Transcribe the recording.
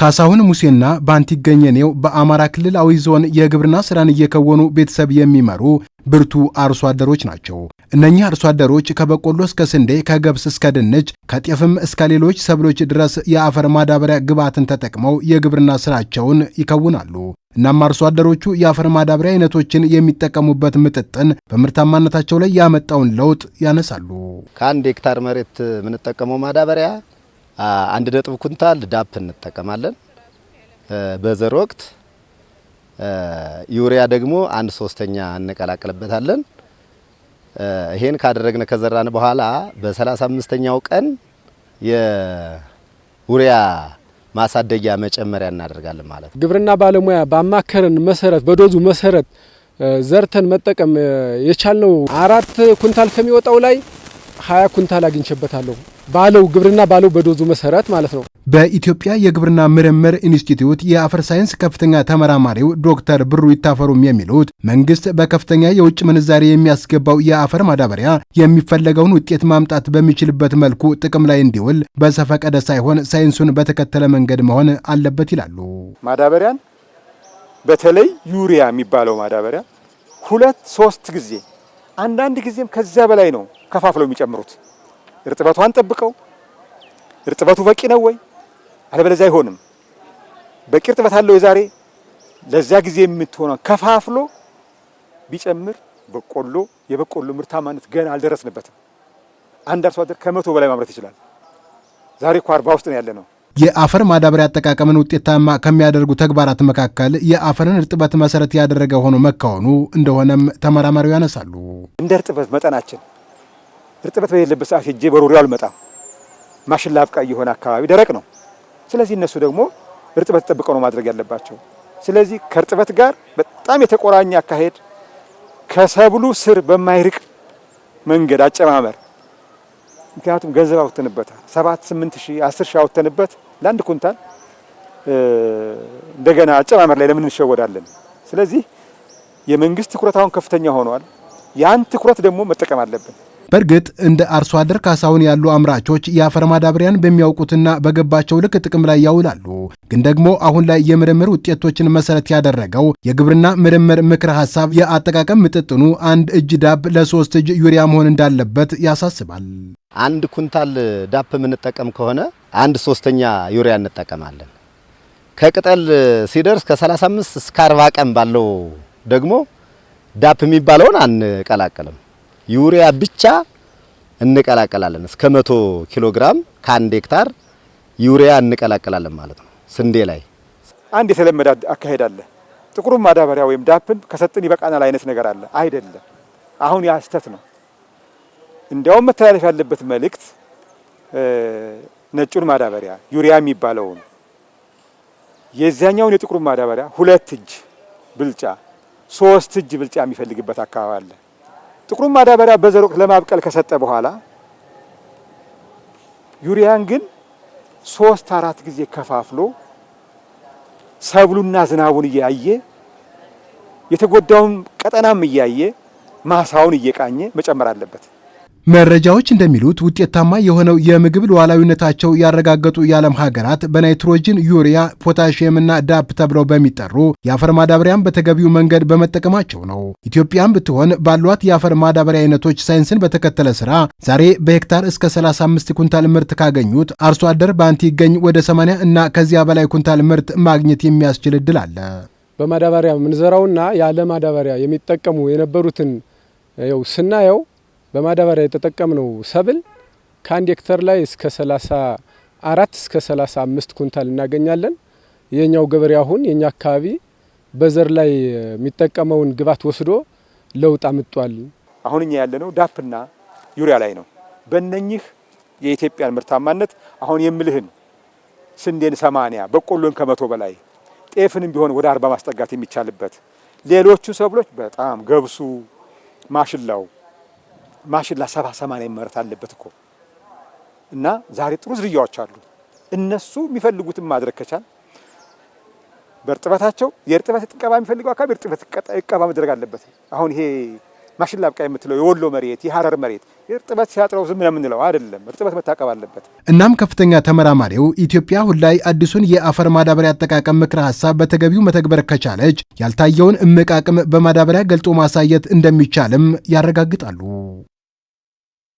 ካሳሁን ሙሴና ባንቲ ገኘኔው በአማራ ክልል አዊ ዞን የግብርና ስራን እየከወኑ ቤተሰብ የሚመሩ ብርቱ አርሶ አደሮች ናቸው። እነኚህ አርሶ አደሮች ከበቆሎ እስከ ስንዴ፣ ከገብስ እስከ ድንች፣ ከጤፍም እስከ ሌሎች ሰብሎች ድረስ የአፈር ማዳበሪያ ግብዓትን ተጠቅመው የግብርና ስራቸውን ይከውናሉ። እናም አርሶ አደሮቹ የአፈር ማዳበሪያ አይነቶችን የሚጠቀሙበት ምጥጥን በምርታማነታቸው ላይ ያመጣውን ለውጥ ያነሳሉ። ከአንድ ሄክታር መሬት የምንጠቀመው ማዳበሪያ አንድ ነጥብ ኩንታል ዳፕ እንጠቀማለን በዘር ወቅት። ዩሪያ ደግሞ አንድ ሶስተኛ እንቀላቅልበታለን። ይሄን ካደረግነ ከዘራን በኋላ በሰላሳ አምስተኛው ቀን የዩሪያ ማሳደጊያ መጨመሪያ እናደርጋለን ማለት ነው። ግብርና ባለሙያ ባማከረን መሰረት በዶዙ መሰረት ዘርተን መጠቀም የቻልነው አራት ኩንታል ከሚወጣው ላይ ሀያ ኩንታል አግኝቼበታለሁ። ባለው ግብርና ባለው በዶዙ መሰረት ማለት ነው። በኢትዮጵያ የግብርና ምርምር ኢንስቲትዩት የአፈር ሳይንስ ከፍተኛ ተመራማሪው ዶክተር ብሩ ይታፈሩም የሚሉት መንግስት በከፍተኛ የውጭ ምንዛሬ የሚያስገባው የአፈር ማዳበሪያ የሚፈለገውን ውጤት ማምጣት በሚችልበት መልኩ ጥቅም ላይ እንዲውል በሰፈቀደ ሳይሆን ሳይንሱን በተከተለ መንገድ መሆን አለበት ይላሉ። ማዳበሪያን በተለይ ዩሪያ የሚባለው ማዳበሪያ ሁለት ሶስት ጊዜ አንዳንድ ጊዜም ከዚያ በላይ ነው ከፋፍለው የሚጨምሩት እርጥበቷን ጠብቀው። እርጥበቱ በቂ ነው ወይ? አለበለዚያ አይሆንም። በቂ እርጥበት አለው የዛሬ ለዚያ ጊዜ የምትሆነ ከፋፍሎ ቢጨምር በቆሎ የበቆሎ ምርታማነት ገና አልደረስንበትም። አንድ አርሶ አደር ከመቶ በላይ ማምረት ይችላል። ዛሬ እኮ አርባ ውስጥ ነው ያለ ነው። የአፈር ማዳበሪያ አጠቃቀምን ውጤታማ ከሚያደርጉ ተግባራት መካከል የአፈርን እርጥበት መሰረት ያደረገ ሆኖ መካወኑ እንደሆነም ተመራማሪው ያነሳሉ። እንደ እርጥበት መጠናችን እርጥበት በሌለበት ሰዓት ሄጄ በሮሪው አልመጣም። ማሽላ አብቃይ የሆነ አካባቢ ደረቅ ነው። ስለዚህ እነሱ ደግሞ እርጥበት ጠብቀው ነው ማድረግ ያለባቸው። ስለዚህ ከእርጥበት ጋር በጣም የተቆራኘ አካሄድ፣ ከሰብሉ ስር በማይርቅ መንገድ አጨማመር። ምክንያቱም ገንዘብ አውጥተንበታል። ሰባት ስምንት ሺህ አስር ሺህ አውጥተንበት ለአንድ ኩንታል እንደገና አጨማመር ላይ ለምን እንሸወዳለን? ስለዚህ የመንግስት ትኩረት አሁን ከፍተኛ ሆኗል። ያን ትኩረት ደግሞ መጠቀም አለብን። በእርግጥ እንደ አርሶ አደር ካሳሁን ያሉ አምራቾች የአፈር ማዳበሪያን በሚያውቁትና በገባቸው ልክ ጥቅም ላይ ያውላሉ። ግን ደግሞ አሁን ላይ የምርምር ውጤቶችን መሰረት ያደረገው የግብርና ምርምር ምክረ ሀሳብ የአጠቃቀም ምጥጥኑ አንድ እጅ ዳፕ ለሶስት እጅ ዩሪያ መሆን እንዳለበት ያሳስባል። አንድ ኩንታል ዳፕ የምንጠቀም ከሆነ አንድ ሶስተኛ ዩሪያ እንጠቀማለን። ከቅጠል ሲደርስ ከ35 እስከ 40 ቀን ባለው ደግሞ ዳፕ የሚባለውን አንቀላቅልም። ዩሪያ ብቻ እንቀላቀላለን። እስከ መቶ ኪሎ ግራም ከአንድ ሄክታር ዩሪያ እንቀላቀላለን ማለት ነው። ስንዴ ላይ አንድ የተለመደ አካሄድ አለ። ጥቁሩ ማዳበሪያ ወይም ዳፕን ከሰጥን ይበቃናል አይነት ነገር አለ። አይደለም፣ አሁን ያ ስህተት ነው። እንዲያውም መተላለፍ ያለበት መልእክት ነጩን ማዳበሪያ ዩሪያ የሚባለውን የዚያኛውን የጥቁሩ ማዳበሪያ ሁለት እጅ ብልጫ ሶስት እጅ ብልጫ የሚፈልግበት አካባቢ አለ። ጥቁሩን ማዳበሪያ በዘር ወቅት ለማብቀል ከሰጠ በኋላ ዩሪያን ግን ሶስት አራት ጊዜ ከፋፍሎ ሰብሉና ዝናቡን እያየ የተጎዳውን ቀጠናም እያየ ማሳውን እየቃኘ መጨመር አለበት። መረጃዎች እንደሚሉት ውጤታማ የሆነው የምግብ ሉዓላዊነታቸው ያረጋገጡ የዓለም ሀገራት በናይትሮጅን፣ ዩሪያ፣ ፖታሽየምና ዳፕ ተብለው በሚጠሩ የአፈር ማዳበሪያን በተገቢው መንገድ በመጠቀማቸው ነው። ኢትዮጵያም ብትሆን ባሏት የአፈር ማዳበሪያ አይነቶች ሳይንስን በተከተለ ስራ ዛሬ በሄክታር እስከ 35 ኩንታል ምርት ካገኙት አርሶ አደር በአንቲ ይገኝ ወደ 80 እና ከዚያ በላይ ኩንታል ምርት ማግኘት የሚያስችል እድል አለ። በማዳበሪያ ምንዘራውና ያለ ማዳበሪያ የሚጠቀሙ የነበሩትን ስናየው በማዳበሪያ የተጠቀምነው ሰብል ከአንድ ሄክተር ላይ እስከ 34 እስከ 35 ኩንታል እናገኛለን። የኛው ገበሬ አሁን የኛ አካባቢ በዘር ላይ የሚጠቀመውን ግብዓት ወስዶ ለውጥ አምጧል። አሁን እኛ ያለነው ዳፕና ዩሪያ ላይ ነው። በእነኚህ የኢትዮጵያን ምርታማነት አሁን የምልህን ስንዴን 80 በቆሎን ከመቶ በላይ ጤፍንም ቢሆን ወደ አርባ ማስጠጋት የሚቻልበት ሌሎቹ ሰብሎች በጣም ገብሱ፣ ማሽላው ማሽላ ሰባ ሰማንያ መመረት አለበት እኮ እና ዛሬ ጥሩ ዝርያዎች አሉ። እነሱ የሚፈልጉትን ማድረግ ከቻል በእርጥበታቸው የእርጥበት ጥቀባ የሚፈልገው አካባቢ እርጥበት እቀባ መድረግ አለበት። አሁን ይሄ ማሽላ ብቃ የምትለው የወሎ መሬት የሀረር መሬት እርጥበት ሲያጥረው ዝም ነው የምንለው አይደለም። እርጥበት መታቀብ አለበት። እናም ከፍተኛ ተመራማሪው ኢትዮጵያ አሁን ላይ አዲሱን የአፈር ማዳበሪያ አጠቃቀም ምክረ ሀሳብ በተገቢው መተግበር ከቻለች ያልታየውን እምቅ አቅም በማዳበሪያ ገልጦ ማሳየት እንደሚቻልም ያረጋግጣሉ።